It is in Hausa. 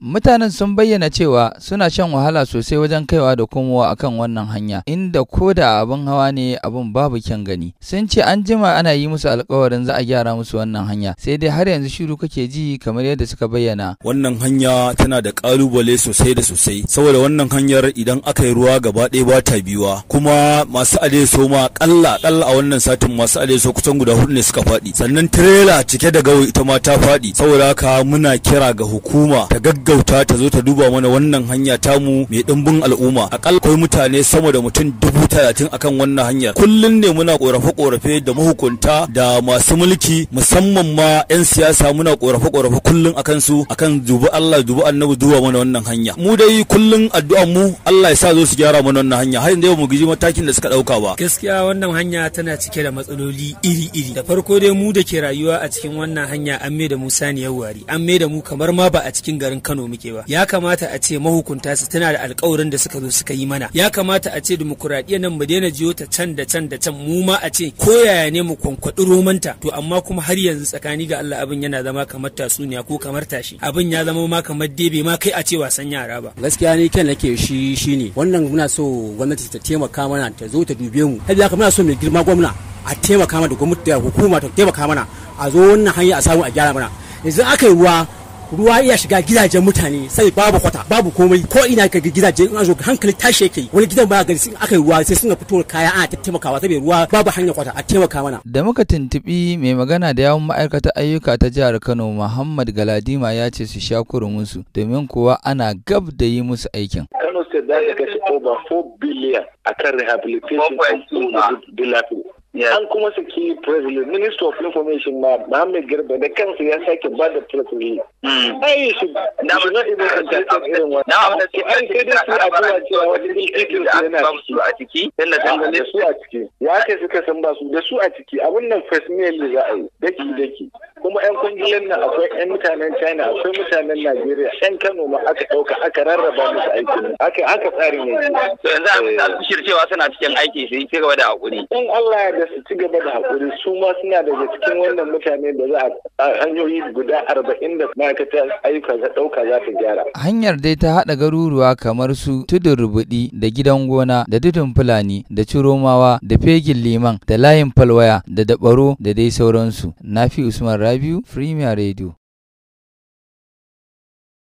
Mutanen sun bayyana cewa suna shan wahala sosai wajen kaiwa da komowa akan wannan hanya, inda ko da abin hawa ne abin babu kyan gani. Sun ce an jima ana yi musu alkawarin za a gyara musu wannan hanya, sai dai har yanzu shiru kake ji kamar yadda suka bayyana. Wannan hanya tana da kalubale sosai da sosai, saboda wannan hanyar idan aka yi ruwa gaba ɗaya ba ta biyuwa. Kuma masu adeso ma ƙalla ƙalla a wannan satin masu adeso kusan guda hudu ne suka faɗi. Sannan tirela cike da gawo ita ma ta faɗi, saboda haka muna kira ga hukuma ta gaggawa gaggauta ta zo ta duba mana wannan hanya ta mu. mai dimbin al'umma akal kai mutane sama da mutum dubu talatin akan wannan hanyar kullun ne muna korafe korafe da muhukunta da masu mulki musamman ma yan siyasa muna korafe korafe kullun akan su akan dubi Allah dubi annabi duba mana wannan hanya mu dai kullun addu'an mu Allah ya sa zo su gyara mana wannan hanya har yanzu mu giji matakin da suka dauka ba gaskiya wannan hanya tana cike da matsaloli iri-iri da farko dai mu da ke rayuwa a cikin wannan hanya an mai da mu saniyar wari an mai da mu kamar ma ba a cikin garin Kano Kano muke ba ya kamata a ce mahukunta su tana da alkawarin da suka zo suka yi mana ya kamata a ce demokuraɗiyya nan mu daina jiyo ta can da can da can mu ma a ce ko yaya ne mu kwankwaɗi romanta to amma kuma har yanzu tsakani ga Allah abin yana zama kamar tasuniya ko kamar tashi abin ya zama ma kamar debe ma kai a ce wasan yara ba gaskiya ni kyan nake shi shine wannan muna so gwamnati ta taimaka mana ta zo ta dube mu har haka muna so mai girma gwamna a taimaka mana da gwamnati da hukuma ta taimaka mana a zo wannan hanya a samu a gyara mana yanzu aka yi ruwa ruwa iya shiga gidajen mutane sai babu kwata babu komai ko ina ka ga gidaje in azo hankali tashi yake wani gidan ba gani sun aka ruwa sai suna fito kaya ana taimakawa saboda ruwa babu hanya kwata a taimaka mana da muka tuntubi mai magana da yawun ma'aikatar ayyuka ta jihar Kano Muhammad Galadima ya ce su sha musu domin kuwa ana gab da yi musu aikin Kano State za ta kashe over 4 billion a kan rehabilitation of an kuma saki press president minister of information ma Muhammad Garba da kansa ya sake ba da press hmm. da a ciki da su a ciki ya kai suka san ba su da su a ciki abun nan first mail za a yi daki daki kuma 'yan kungiyar nan akwai 'yan mutanen china akwai mutanen najeriya 'yan kano ma aka ɗauka aka rarraba musu aikin aka aka tsarin ne to yanzu a misali cewa suna cikin aiki su ci gaba da hakuri in allah ya da su ci gaba da hakuri su ma suna daga cikin wannan mutane da za a hanyoyi guda arba'in da ma'aikata ayyuka za ɗauka za ta gyara hanyar dai ta haɗa garuruwa kamar su tudun rubuɗi da gidan gona da tudun fulani da ciromawa da fegin liman da layin falwaya da dabaro da dai sauransu nafi usman biyu Premier Radio.